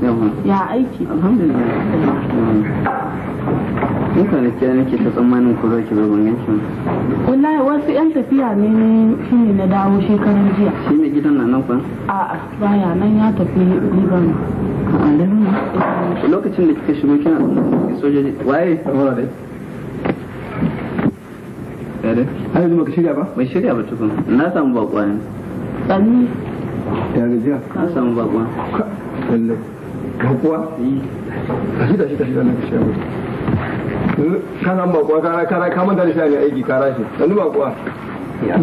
da ya aiki alhamdulillah in kwanaki yana ke ta tsammanin ko za ki zo ban yanki wallahi wasu yan tafiya ne ne shi ne na dawo shekaran jiya shi ne gidan na nan kwan a baya nan ya tafi liban a lokacin da kika shigo kina sojoji waye kamar dai ladan har yanzu baka shirya ba bai shirya ba tukun na samu bakwa ne ya na samu bakwa lalle bakwa ka shi shirya ba ka samu bakwa ka manta da shi ne aiki bakwa ya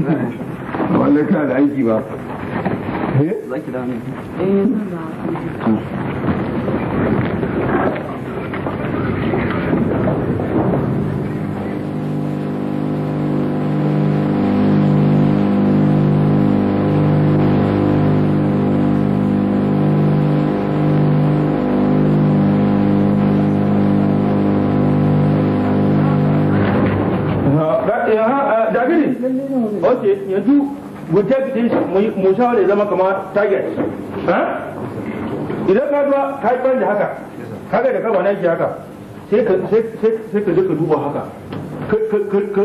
wannan kana da aiki ba eh zaki da ne eh we take this mu shawar zama kama target idan ka duwa ka yi da haka ka ga da ka bana ki haka sai ka sai ka ka duba haka ka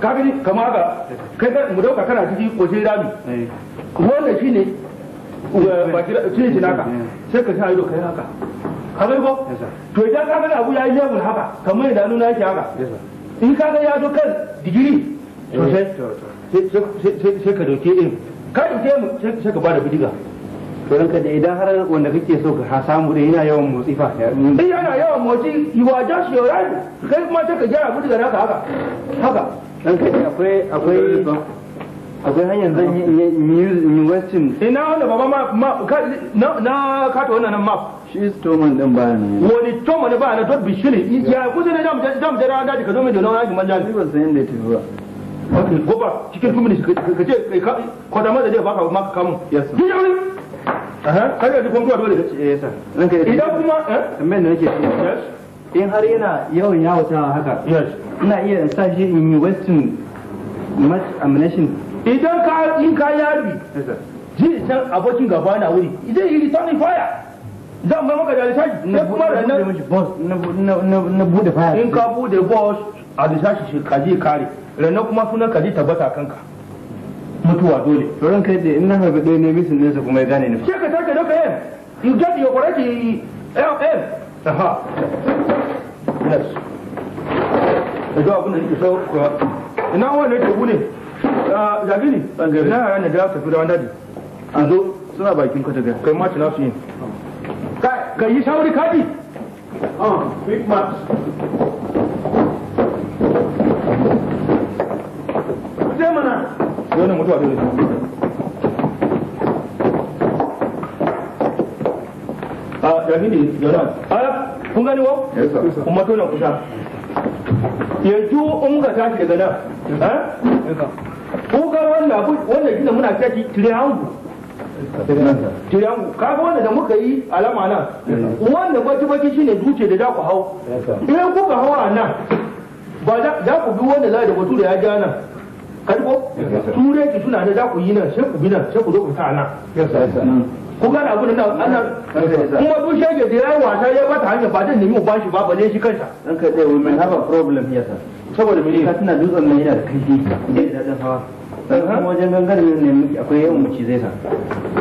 gani kama haka kai mu dauka kana ciki koshin rami wannan shine cin shi naka sai ka sa ido kai haka ka gani ko to idan ka ga abu ya yi level haka kamar yadda nuna yake haka in ka ga ya zo kan digiri eh, sosai sai ka doke ɗin ka doke mu sai ka bada bidiga to ranka da idan har wanda kake so ka samu da yana yawan motsi fa yana yawan motsi you are just your right kai kuma sai ka gyara bidiga naka haka haka ranka da akwai akwai akwai hanyar zan yi western ina wanda baba ma na kato wannan map shi toman din ba ne wani toman ba na dot bishiri ya kusa ne da mu da daji ka zo mai da lawan yakin manja ne ba san ya tafi ba wato goba cikin tumuni ka ce ma da baka ma ka kamun. yes sir eh, ya kai yanzu dole da ce idan kuma eh da nake yes in har yana yawan yawo haka ina iya in sa shi in yi western match ammunition idan ka in ka yabi ji san abokin gaba na wuri idan yi returning fire zan ba maka da lissashi na kuma da na bude fire in ka bude boss a lissashi shi kaje kare ranar kuma suna ka ji tabbata kanka mutuwa dole ran kai da in na harbi ɗaya ne ne nesa kuma ya gane ni ke ka take doka yin you get your correct aim eh, eh. aha yes da abin da nake so ina wani ah, ne tabu ne zabi ne na yara ne da za su tafi da wani daji a zo suna bakin ka daga kai mace nasu yin ka yi shawari kadi ah big match mutuwa dole a da da a kun gani wa kuma tona kusa yanzu in ga tashi daga nan eh? kukar wannan wannan gina muna kyaji triangle triangle kaga wanda da muka yi alama nan wanda baki baki shine dutse da za ku hau idan kuka hawa nan ba za ku bi wanda za da batu da ya ja nan kadi ko ture ki suna ne za ku yi nan sai ku bi nan sai ku zo ku sa nan ku gane abin da ana kuma duk shege da yayi wasa ya bata hanyar ba dan nemi ba shi ba bane shi kansa dan kai dai we have a problem here sir saboda me ka tana dutsen nan yana da kaifi idan da dan hawa kuma wajen gangare ne akwai yawan mace zai sa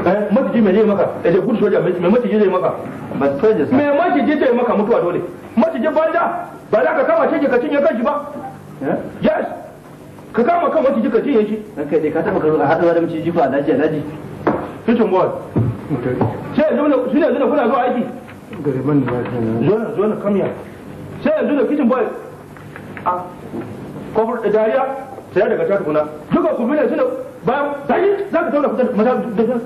eh, maciji me zai maka eh, da ke gudu soja me maciji zai maka ba soja sa mai maciji zai maka mutuwa dole maciji banda ba za ka kama shege ka cinye kanshi ba eh? yes ka kama kan jika jin cinye shi kai dai ka taba karo a haɗuwa da mace jifa a daji a daji kitchen boy sai yanzu ne yanzu kuna zuwa aiki ba da zo na zo na kamya sai yanzu da kitchen boy a kofar da dariya sai daga ta tukuna duka ku mene suna bayan tashi za ka tauna fitar maza da shan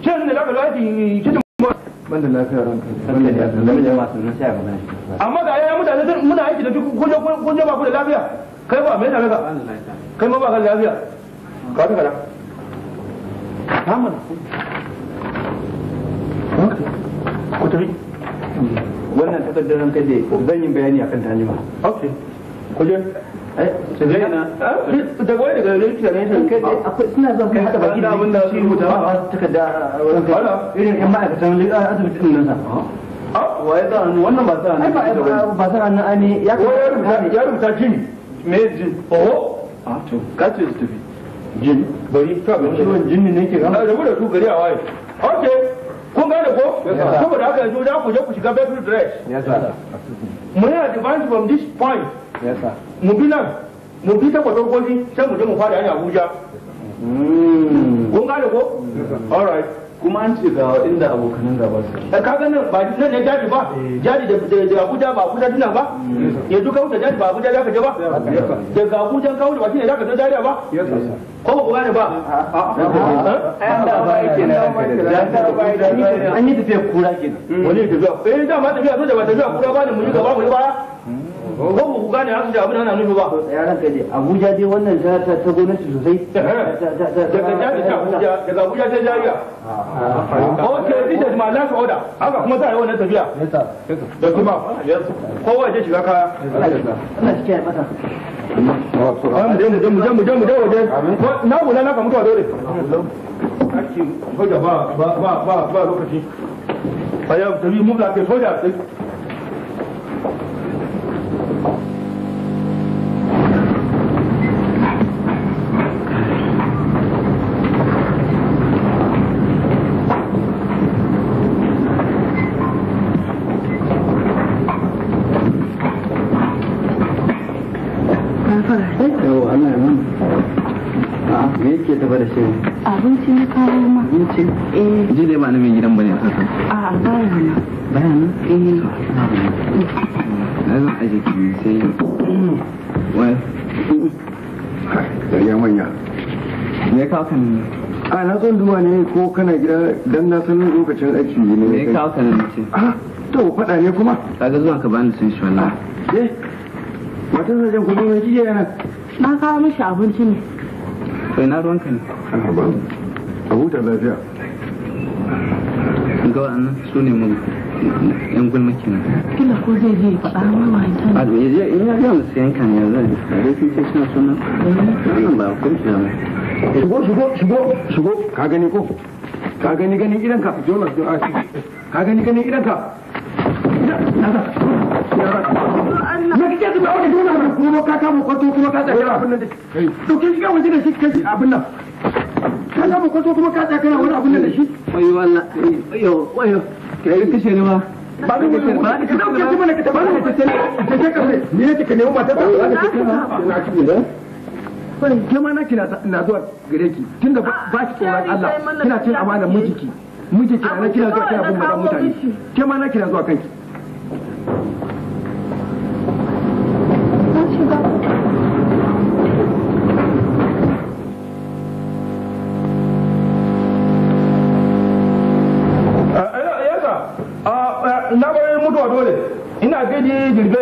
sai yanzu ne za ka zo aiki kitchen boy ban da lafiya ranka ban da lafiya masu sai a ranka amma ga yaya mutane muna aiki da duk kun je ba ku da lafiya kai ba mai daga kai ma ba ka lafiya ka bi kada ta mana ku tafi wannan takardar ranka da zan yi bayani akan ta jima ok ku je da wai daga rikiya ne sun kai akwai suna zan kai hada baki da abin da su rubuta ba takarda wurin kai irin yan ma'aikatan asibitin nan sa a waye da wannan ba sa nan ba sa nan ani ya rubuta ya rubuta jini mezi oho ah, a to kace su tafi jin bari to abin ruwan jin ne ke gama rabu da su gari a waye ok kun gane ko saboda haka yanzu da ku je ku shiga bedroom dress mu yi advance from this point mu bi nan mu bi ta kwatar sai mu je mu fara hanya abuja kun gane ko all right kuma an ce ga inda abokanan gaba su eh, ka ganin nan ba nan ne jaji ba eh. jaji da Abuja ba Abuja dina ba yanzu ka wuce jaji ba Abuja ya je ba daga Abuja ka wuce ba shine zaka je jariya ba ko ba ne ba ah, ah, ah. Eh? an yi tafiya kura kenan mm. wani tafiya eh da tafiya so da ba tafiya kura ba ne mu yi gaba mu yi baya mm. ko ba ku gane hakan da abin nufi ba Abuja dai wannan ta ta ta gwamnati sosai eh, eh, eh. daga jari ta Abuja daga Abuja ta jariya ah, ah, ah. oh, okay this is my haka kuma za a yi wannan tafiya da kuma kowa ya shiga kaya shi mata na wula na dole soja ba ba ba ba lokaci tabi mun da ke soja sai kike tafa da shi abinci na kawo ma abinci eh ji dai ba na mai gidan bane haka a baya na baya na eh na zan aje ki sai mm. wai da manya me ka kan a na son duba ne ko kana gida dan na san lokacin aiki ne me ka kan ne ce ah, to faɗa ne kuma kaga zuwa ka bani sun shi wallahi ah, eh matan zajen kuma me kike yana na kawo mishi abinci ne to ina ruwanka ne a huta lafiya ga wa'annan su ne mun yan gulma kenan kila ko zai je faɗa mawa ita ne ya je in ya ga musu yanka ne yanzu da shi ke suna suna wannan ba shigo shigo shigo shigo ka gani ko ka gani ganin idanka jonas ka gani ganin idanka me kike zuba wani dole mun kuma ka kama kwato kuma ka tsaya abin nan da shi to shiga waje da shi kai abin nan ka kama kuma ka tsaya wani abin nan da shi kai ne ba ke ba da ke kuma ne ka ne ne ta ba ke na ci ne ke ma na zuwa gare ki tunda ba ki amana mijiki mijiki kina zuwa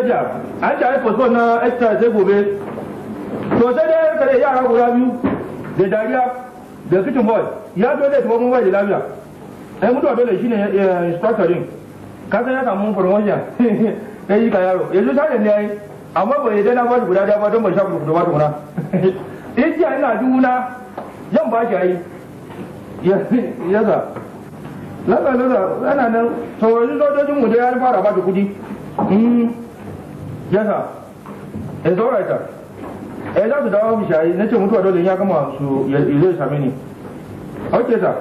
daraja an ta haifa so na extra sai gobe to sai dai kare yara guda biyu da dariya da kitchen boy ya zo da tuwa mun da lafiya ai mutuwa dole shine instructor din ka san ya samu promotion kai yi ka yaro yanzu sai ne yayi amma bai dai na ba guda daya ba don ban shafa da ba tukuna in ji ina duna yan ba shi ai yaza lalla lalla ana nan sauran sojojin mu da ya fara ba da kudi sa ya zaura ta ya za su dawo yi na ce mutuwa dole ya gama su ya zai same ni ok sa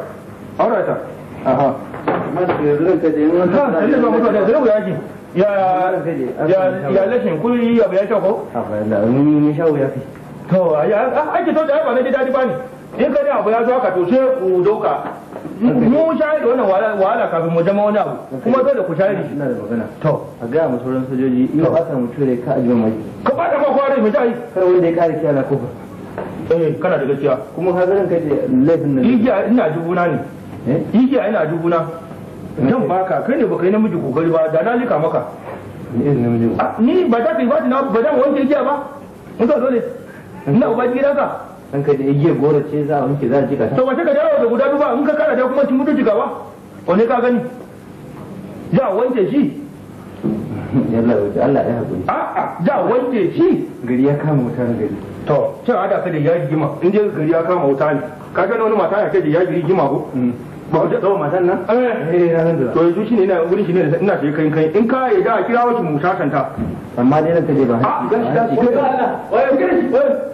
aura ta aha ah, ya ya lashin kuri ya bayan shako? ni shawo ya fi to ya ake to da ya ba na ji daɗi ba in ka ne abu ya zo to sai ku doka mu shayar da wannan wahala kafin mu zama wani abu kuma dole ku shayar shi ina da magana to a ga mu sauran sojoji yau ba ta mutu rai ka ajiyar mai ka ba da kwakwa rai mu shayi kar wanda ya kare kiyala kofar eh kana da gaskiya kuma hazarin kai laifin nan igiya ina dubuna ne eh? igiya ina dubuna eh. zan baka kai ne baka yi namiji kokari ba da na lika maka ni ba ta fi ba na ba zan wanke igiya ba mun ka dole ina uba gidanka an ka da igiyar gora ce za a wanke za a jika ta to wace ka da guda duba in ka kara da kuma tun mutu jigawa wani ka gani za a wanke shi yalla wuce Allah ya haƙuri a'a za a wanke shi gari ya kama wutar gari to cewa da ka da ya gima in je gari ya kama wuta ne ka gani wani mata ya kai da ya giri gima ko mm. ba wata tsawon matan nan eh, eh, na da to yanzu shine ina gurin ina shi kai kai in ka yi da kira wacce sasanta. amma dai nan je ba a gaskiya ko Allah wai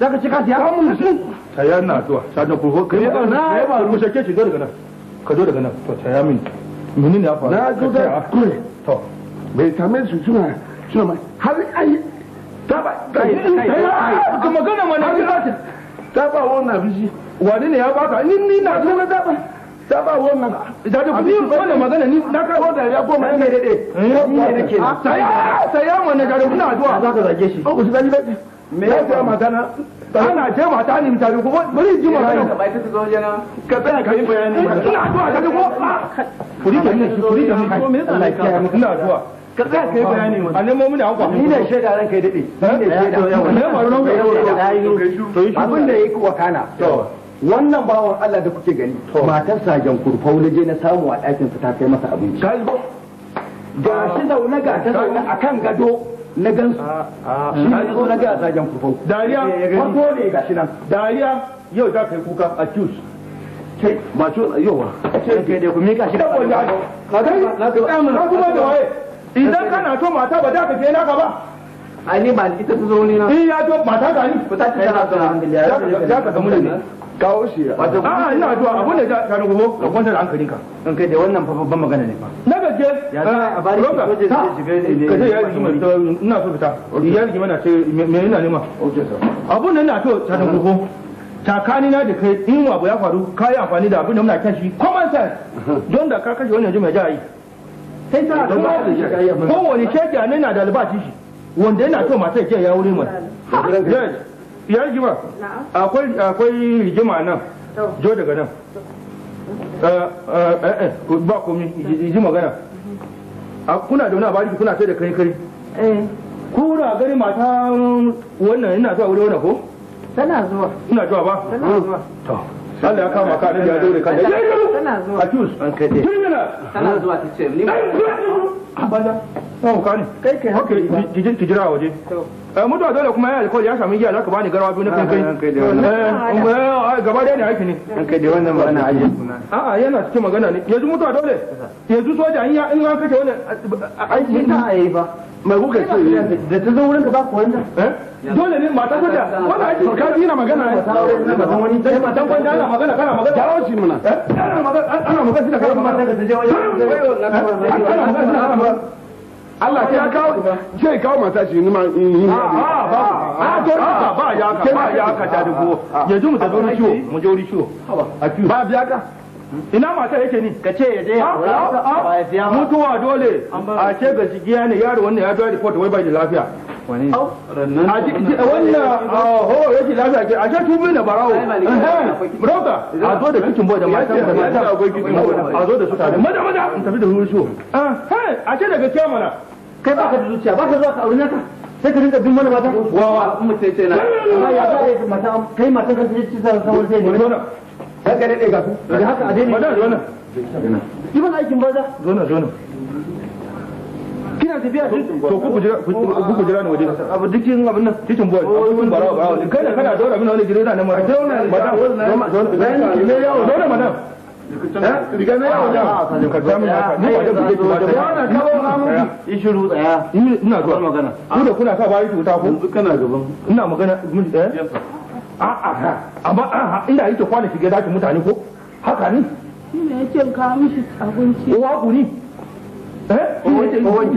za ka ci ka siya kan musu taya na zuwa ta da kurho kai ba na ba mu shake ki zo daga nan ka zo daga nan to taya min mini ne fa na zo da kure to bai same su suna suna mai har ayi ta ba ta kai kai kuma magana ma mana ta ta ba wannan bishi wani ne ya ba ka ni ni na zo na ba ta ba wannan da da kudi wannan magana ni na karbo da ya goma ne dai dai eh, ni ne nake saya ah, saya mana da kuna zuwa zaka zage shi ko ku zage me ya ga magana ana ce ta ne mutane ko bari ji magana ka bai ta zo jana ka tsaya ka yi bayani ina addu'a ka ko kuri da ne kuri da kai Allah ya kiyaye mu ina addu'a ka tsaya ka yi bayani mu a nemo mini hakwa ni ne shaida ran kai dade ni ne shaida ne maro nan ga abin da yake wakana wannan bawan Allah da kuke gani matar sajan kurfa wulaje na samu a ɗakin ta kai masa abinci ga shi zaune ga ta zaune akan gado na gan su na zo na gaya sajan kufau dariya eh, eh, farko ne ga shi nan dariya yau za ka yi kuka a cus kai masu yawa ce kai da ku mika shi da ko ya ka ga na kuma da waye idan kana to mata ba da ka ke naka ba ai ni ba ita ta zo ne na eh ya to mata ga ni ku ta ta na zo za ka samu ne kawo shi a ina zuwa abin da ta rubo ka kwanta da hankalinka in kai da wannan fa babban magana ne fa ya ya ji ce takani na da kai in wabu ya faru ka yi amfani da abin da muna kyan shi common sense don da ka kashe wani yanzu mai jayi sai ta da ma da shi kowane shege ne na da albashi shi wanda yana to matar jiya ya wuri mai ya rigima akwai rigima nan jo daga nan ba komi ji magana kuna da wani abari kuna sai da kai kai ku na gari mata wannan ina zuwa wuri wannan ko tana zuwa ina zuwa ba tana zuwa Allah ya kama ka annabi ya dore kan da tana zuwa accuse an kai tana zuwa ta ce ni abada to oh, ka ne kai kai haka jijin tijira waje eh, dole kuma ya alkol ya samu giya zaka bani garwa biyu na kankai eh, eh, eh gaba da ne aiki ne an kai da wannan magana aje a'a yana magana ne yanzu mutu dole yanzu soja in ya an kace wannan aiki ne ta ayi ba mai kuka ce da ta zo wurin ka ba ku wanda eh? dole ne mata ta da wanda ake ka na magana ne matan wani dai matan wani ana magana kana magana jawo shi muna eh? ana magana ana magana shi da kana magana da je wani ana magana ana magana Allah ya kawo kawo mata shi ni ma in yi a ba a ba ya ka ba ya ka ta dubo ah, ah. yanzu mu ta zo ni ah, ciwo mu je wuri ciwo ba biya ka ina mata yake ni ka ce ya je ya ah, ah, ah. mutuwa dole a ce ga jigiya ne yaro wannan ya zuwa report wai bai da lafiya wannan a ce a zo da mata da mata a zo da su tare maza maza a ce daga kiyama na kai baka da zuciya baka zuwa ka sai ka rinka bin mana mata wawa mutum ce na kai mata kai ce sai ne kan gare ne ga daga haka a daidai wadda zona yi mana aikin banza zona zona kina tafiya to ku kujira ku kujira ne waje abu dukin abin nan titin boy oh, titin barawa barawa kai da kana daura mina wani gido nan ma daura madam zona ne yawo daura madam eh? riga na ah, ka min ni ina zuwa ku da kuna sa bari ku ta ku ina magana eh? a'a amma a'a inda yake kwana shiga dakin mutane ko haka ne shine yake kawo mishi abinci uwa ku eh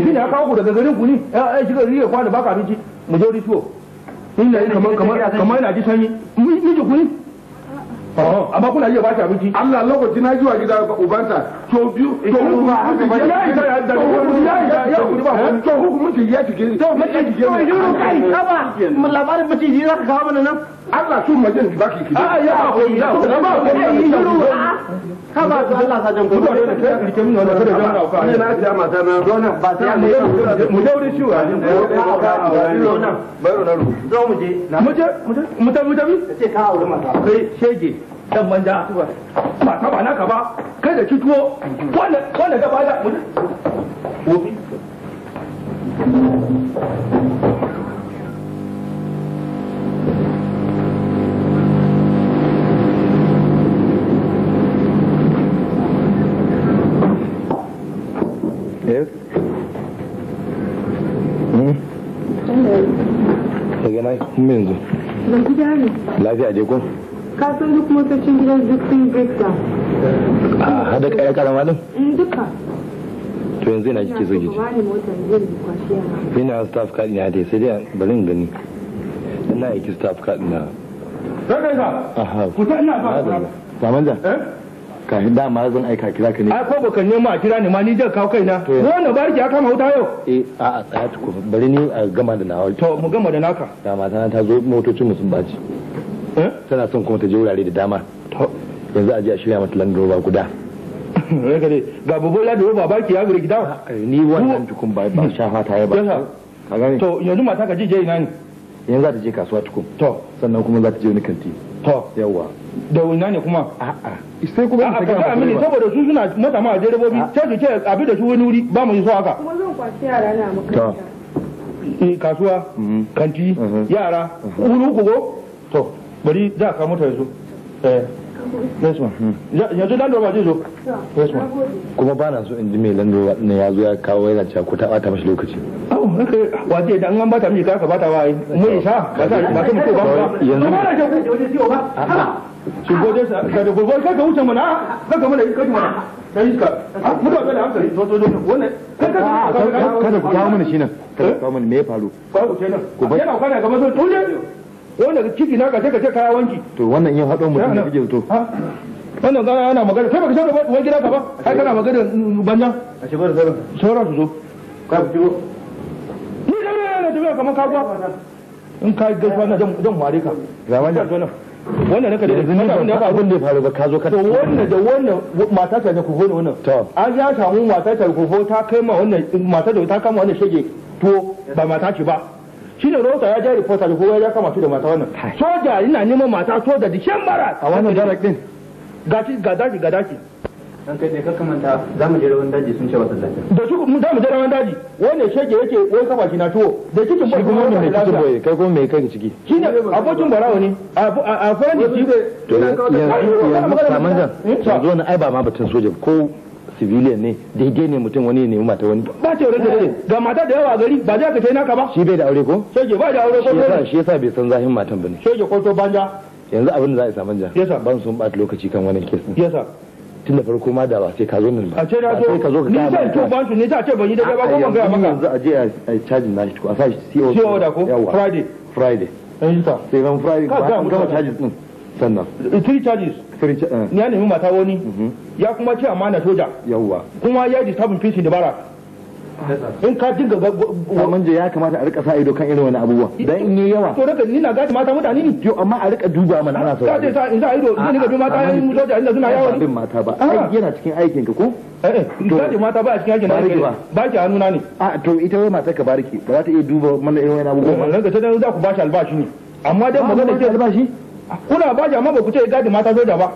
shine kawo ku daga garin ku ne eh shiga riya kwana baka abinci mu je rituwo inda yake kamar kamar kamar na ji sanyi miji amma kuna iya bashi abinci Allah lokaci na zuwa gida ga ubansa to biyu to hukunci ya isa ya da ya ya ba to hukunci ya tike to mace tike to yuru kai kaba mun labarin mace ji zaka kawo mana nan Allah su mace baki ki a ya ko ya ba ko yuru ka ba su Allah sa jan kuma kai ke mun da da jan ka ne na ta mata ba mu da mu da shi wa na ru mu je mu je mu ta mu ta bi ce ka aure mata shege dan ba ta ba ba kai da cutuwo wanda wanda da mu Luke? Eh? Hmm? Lafiya je ko? Ka duk motocin gidan duk sun breakta. A hada To yanzu yana kike so staff card ne hade sai dai barin gani. Ina aiki staff card na. Kada ka. Aha. ina ba. Ba manja. Eh? kafin dama zan aika kira ka ne ai ko baka mu a kira ne ma ni zan kawo kaina wannan barki aka kama yau eh a a tsaya tuku bari ni a gama da nawa to mu gama da naka da mata ta zo motocin mu sun baci eh? tana son kuma ta je wurare da dama yanzu a je a shirya mata Land Rover guda ga babu Land Rover barki ya gure gida eh, ni wannan tukun ba ba shafa ta ya ba ka gani to yanzu mata ka je je ina ne yanzu za ta je kasuwa tukun to sannan kuma za ta je wani kanti to yawa da wuna ne kuma a'a sai kuma ta ga amini saboda su suna mata ma je rabobi ah. sai su ce abi da su wani wuri ba mu yi so haka kuma zan kwashi yara na makaranta eh, kasuwa mm-hmm. kanti mm-hmm. yara mm-hmm. wuri uku to bari za ka mota yanzu eh yes ma yanzu dan roba zai zo yes ma kuma ba na so in ji mai dan ne ya zo ya kawo yana cewa ku ta bata mashi lokaci au haka dan an bata ka bata wai mu isa ba ta ba ta mutu ba yanzu ba na ce ba shi gode sa da gobe ka ka wuce mana ka ka mana ka mana da hankali wannan ka ka wanda kici na kace kace kaya wanki to wannan yin haɗon mutum da kike to wannan gana yana magana kai baka san wani gida ka ba kai kana magana mm, mm, banya a ce bari sauran sauran su zo ka go ni da ne da tafiya kamar kagwa in ka gaisuwa wannan dan ware ka ga wannan wannan ka da yanzu naka da abin da ya faru ba ka zo ka to wannan da wannan mata ta ne ku hono wannan to an ya samu mata ta ku ta kai ma wannan mata da ta kama wannan shege to ba mata ce ba shi ne rota ya ja reporter da kowa ya kama su da mata wannan soja ina neman mata soja da shan mara a wannan darak din Gaci ga daji ga daji dan kai ne ka kamanta za mu je rawan daji sun ce wata daji da shi mu za mu je rawan daji wannan shege yake wai kafa shi na tuwo da cikin kuma mai boye kai kuma mai kai ciki shi ne abokin barawo ne a furan da shi to yanzu ya ya zan yanzu wani ai ba ma batun soja ko civilian ne daidai ne mutum wani ne mata wani ba ce wurin da ga mata da yawa a gari ba za ka sai naka ba shi bai da aure ko shege ba da aure ko dole shi yasa bai san zahin matan bane shege ko to banja yanzu abin da za a isa manja yasa ban sun ba lokaci kan wannan kes yasa tun da farko ma da ba sai ka zo nan ba a ce na so zo ni sai to ban su ne ta ce ban yi da ba ko ban ga maka yanzu a je a charge na shi ko a sa shi CEO CO da ko friday friday eh, sai ran friday k'a an gama charges din sannan eh, three charges Eh. ya nemi mata wani mhm. ya kuma ce amana soja yawwa kuma ya ji sabon fishin bara in ka dinga ga wannan je ya kamata a rika sa ido kan irin wani abubuwa dan in yi yawa to ni na gadi mata mutane ne yo amma a rika duba mana ana saurare ka ce sa in za ido ni ga duba mata yayin soja inda suna yawa din mata ba ai yana cikin aikin ka ko eh gadi eh. mata ba a cikin aikin bariki ba ba ki hanuna ne a to ita wai matar ka bariki ba za ta iya duba mana irin wani abubuwa wannan ga eh, ta dan za ku bashi albashi ne amma dan magana ce albashi kuna ba jama ba ku ce gadi mata soja ba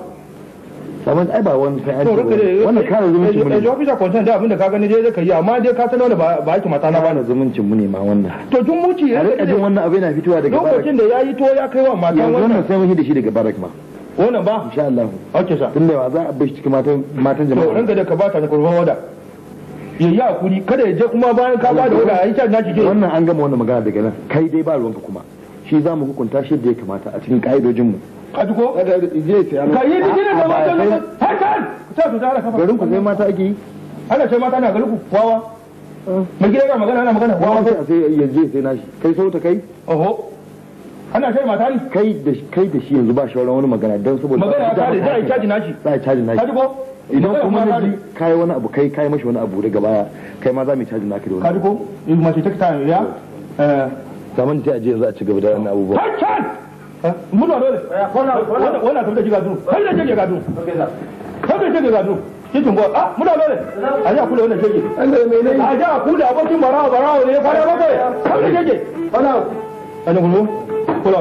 baban ai ba wani kai aiki wannan eh, kare zumuncin mu ne eh officer concern da abinda ka gani dai zaka yi amma dai ka san wanda ba aiki mata na bani zumuncin mu ne ma wannan to dun muci ya rika jin wannan abin na fitowa daga barak lokacin da yayi to ya kai wa mata wannan wannan sai mun hidi shi daga barak ma wannan ba insha Allah okay sa tunda ba za a bar shi cikin matan matan jama'a to ranka da ka ba ta kurban wada ya yi hakuri kada ya je kuma bayan ka ba da wada a yi can na shi wannan an gama wannan magana daga nan kai dai ba ruwanka kuma shi za mu hukunta shi da ya kamata a cikin ka'idojinmu kadugo ka yi da mai gida yana magana magana sai sai ya je sai nashi kai so ta kai oho ana sai mata ne kai da da shi yanzu ba wani magana dan saboda magana da za a caji nashi za a caji nashi idan kuma na ji kai wani abu kai kai mashi wani abu daga baya kai ma za mu caji da wani in ma ta ta ya kamar ta ajiye za a ci gaba da wannan abubuwa hakan eh, muna dole wannan gado da ke gado kai da ke gado bo ah, a muna dole a ji a kula wannan a ji a kula abokin barawa barawa ne ya fara maka kai da shege wannan ana kula kula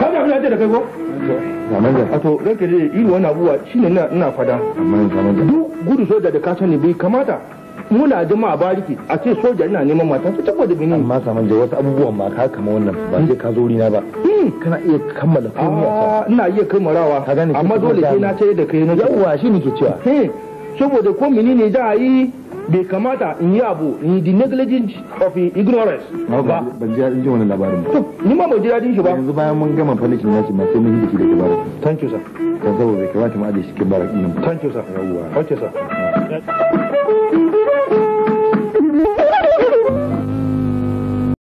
kan da kula da kai ko a to ranka da shine ina fada duk gudu soja da ka sani bai kamata muna jama'a bariki a ce soja ina neman mata ta saboda gini amma saman jai wasu abubuwan ma ka kama wannan ba sai ka zo rina ba hmm. kana iya kammala komai a ah, ina iya kammarawa amma dole sai na ce da kai na yawa shi ne ke cewa hmm. saboda ko mini ne za a yi bai kamata in yi abu in the negligence of ignorance ba ban ji daɗin wannan labarin ba ni ma ban ji daɗin shi ba yanzu bayan mun gama falishin nashi ma sai mun yi biki da kibar thank you sir ka zaba bai kamata mu da shi kibar ɗin thank you sir yawwa okay sir